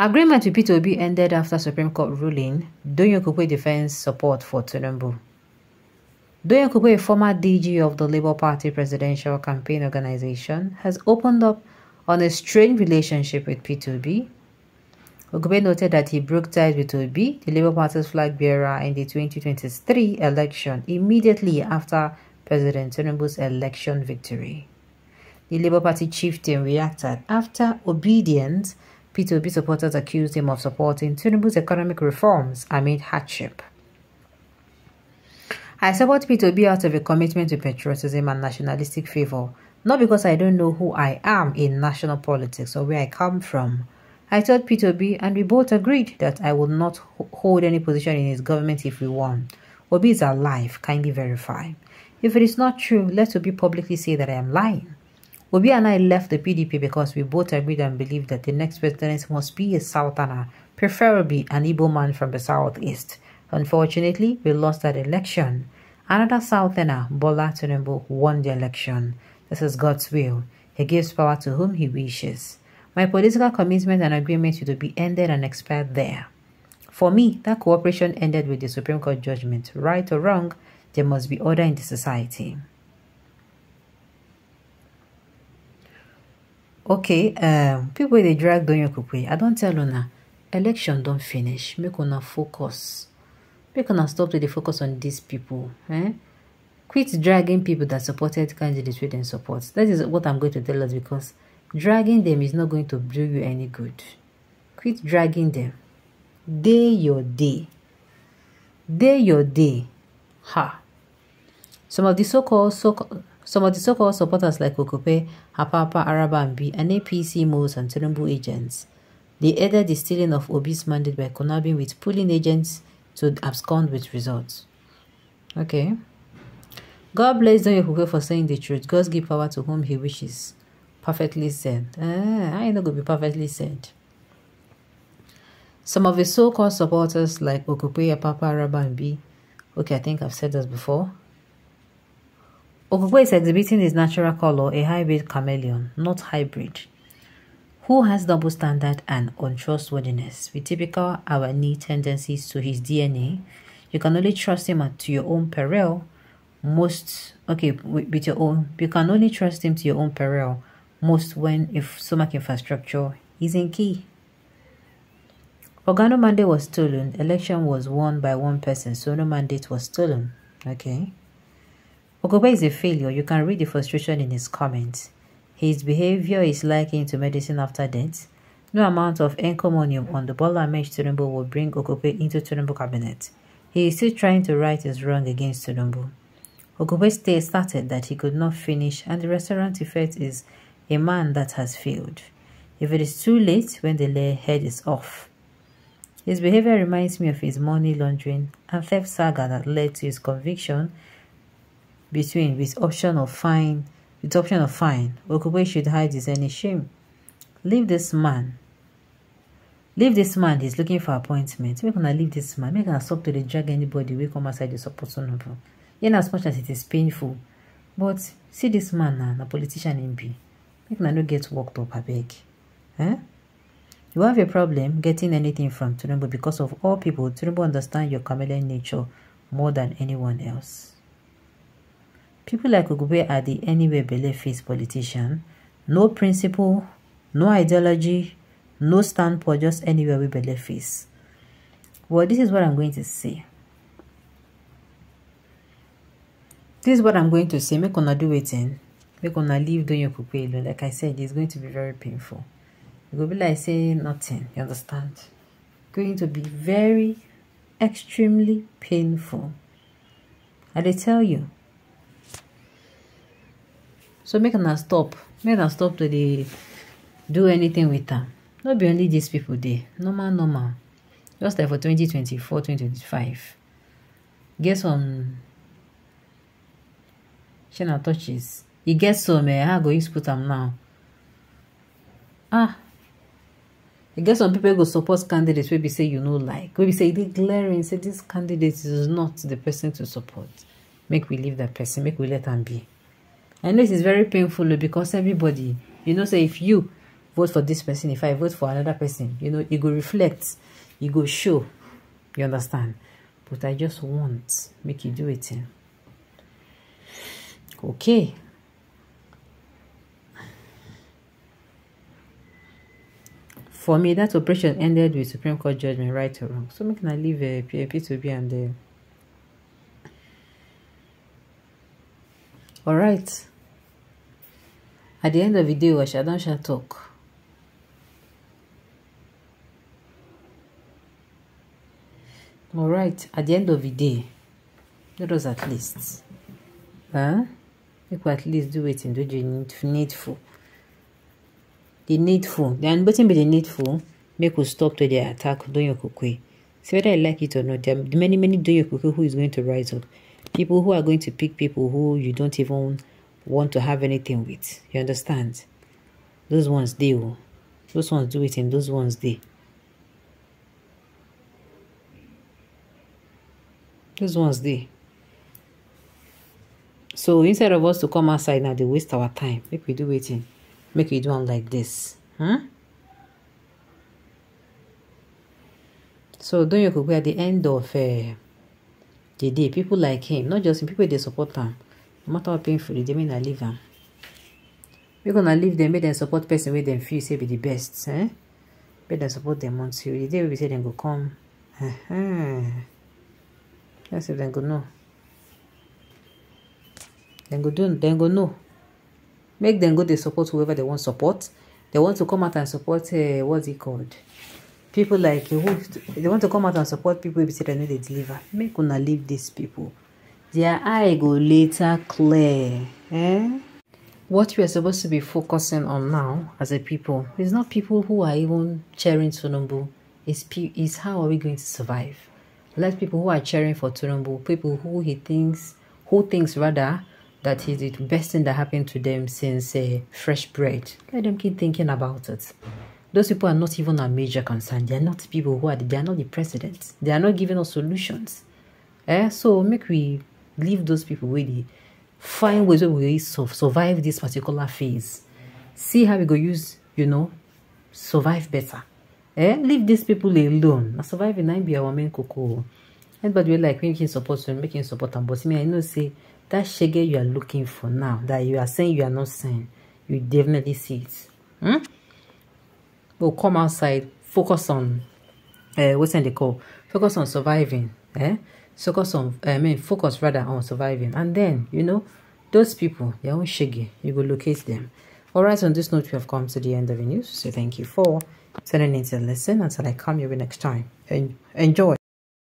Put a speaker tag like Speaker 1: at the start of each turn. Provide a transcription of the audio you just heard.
Speaker 1: Agreement with P2B ended after Supreme Court ruling, Donyokupe defends support for Tinubu. Donyokupe, a former DG of the Labour Party presidential campaign organization, has opened up on a strained relationship with P2B. noted that he broke ties with Obi, the Labour Party's flag bearer, in the 2023 election immediately after President Tinubu's election victory. The Labour Party chieftain reacted after obedience P2P supporters accused him of supporting Tinubu's economic reforms amid hardship. I support P2B out of a commitment to patriotism and nationalistic fervor, not because I don't know who I am in national politics or where I come from. I told P2B and we both agreed that I would not hold any position in his government if we won. Obi is alive, kindly verify. If it is not true, let Obi publicly say that I am lying. Obi and I left the PDP because we both agreed and believed that the next president must be a Southerner, preferably an Igbo man from the Southeast. Unfortunately, we lost that election. Another Southerner, Bola Tinubu, won the election. This is God's will. He gives power to whom he wishes. My political commitment and agreement will be ended and expired there. For me, that cooperation ended with the Supreme Court judgment. Right or wrong, there must be order in the society. okay um drag don't you agree? i don't tell una election don't finish make una focus make una stop to focus on these people. eh quit dragging people that supported candidates wey dem support that is what i'm going to tell us because dragging them is not going to do you any good quit dragging them. Day your day Day your day ha some of the so called so called some of the so-called supporters like Okope, Hapapa, Araba and B, and APC modes and Tinubu agents. They aided the stealing of Obi's mandate by conniving with pulling agents to abscond with results. Okay. God bless Daniel Yokuke for saying the truth. God give power to whom he wishes. Perfectly said. Ah, I ain't not going to be perfectly said. Some of the so-called supporters like Okupe, Papa, B. Okay, I think I've said this before. Okokwe is exhibiting his natural color, a hybrid chameleon, not hybrid, who has double standard and untrustworthiness. With typical our knee tendencies to his DNA, you can only trust him at, to your own peril. Most, okay, with, your own, you can only trust him to your own peril most when if so much infrastructure isn't key. Organo mandate was stolen. Election was won by one person, so no mandate was stolen. Okay. Okobe is a failure. You can read the frustration in his comments. His behavior is likened to medicine after death. No amount of encomium on the Bola Ahmed Tinubu will bring Okobe into Tinubu cabinet. He is still trying to right his wrong against Tinubu. Okobe stay started that he could not finish and the restaurant effect is a man that has failed. If it is too late when the head is off. His behavior reminds me of his money laundering and theft saga that led to his conviction between with option of fine, with option of fine. Okupe should hide his any shame. Leave this man. Leave this man. He's looking for appointment. We're gonna leave this man. We're gonna stop to the drag anybody. We come outside the support number. In as much as it is painful, but see this man now, a politician MP. Make na get worked up, a bit. Eh? You have a problem getting anything from Tinubu because of all people, Tinubu understand your chameleon nature more than anyone else. People like Ogube are the anywhere belief face politician. No principle, no ideology, no stand for just anywhere we belle-face. Well, this is what I'm going to say. This is what I'm going to say. Make una do it in. Make una leave doing your kupe alone. Like I said, it's going to be very painful. It will be like saying nothing. You understand? Going to be very, extremely painful. I tell you, so make una stop make una stop to the do anything with am Not be only dis pipo dey normal normal just like for 2024 2025 get some shey touches e get some eh How go you put them now ah e get some people go support candidates Maybe say you know, like maybe say they e glaring say this candidate is not the person to support make we leave that person make we let am be I know it is very painful oh, because everybody, you know, say if you vote for this person, if I vote for another person, you know, it go reflect, you go show, you understand. But I just want make you do it. Eh? Okay. For me, that operation ended with Supreme Court judgment, right or wrong. So, make I leave eh, a uh, PAP to be and the. Alright. At the end of the day, we shall not shall talk. Alright, at the end of the day, let us at least. Huh? We could at least do it and do the needful. The needful. Then but be the needful. Make us stop to the attack Don't you See whether I like it or not. There are many, many Don Yokokwe who is going to rise up people who are going to pick people who you don't even want to have anything with. You understand? Those ones deal. Oh. Those ones do it and those ones they. Those ones they. So instead of us to come outside now, they waste our time. Make we do waiting. Make we do them like this. Huh? Hmm? So don't you go at the end of uh, dey dey pipo like him not just people. They support am no matter how painful e dey make na leave am We're gonna leave them, make them support person wey them feel say be the best eh? make them support them until the day we be say dem go come huh? let's say dem go know dem go do dem go know make them go they support whoever they want support They want to come out and support uh, what's he called people like you they want to come out and support people if say dem no dey deliver make una leave these people their eye go later clear eh what we are supposed to be focusing on now as a people is not people who are even cheering Tunumbu. It's, it's how are we going to survive? Let people who are cheering for Tunumbu, people who he thinks, who thinks rather that he's the best thing that happened to them since uh, fresh bread. Let them keep thinking about it. Those people are not even a major concern. They are not people who are, they are not the presidents. They are not giving us solutions. Eh? So make we leave those people with really, find ways where we survive this particular phase. See how we go use, you know, survive better. Eh? Leave these people alone. Now survive in be our main cocoa. Anybody will like making support so making support and but me, I know say that shege you are looking for now, that you are saying you are not saying, you definitely see it. Hmm? will come outside, focus on uh, what's in the call, focus on surviving, eh? Focus on, eh, I mean, focus rather on surviving. And then, you know, those people, they are shaggy. You will locate them. All right, on this note, we have come to the end of the news. So thank you for tuning in the lesson. Until I come here next time, enjoy.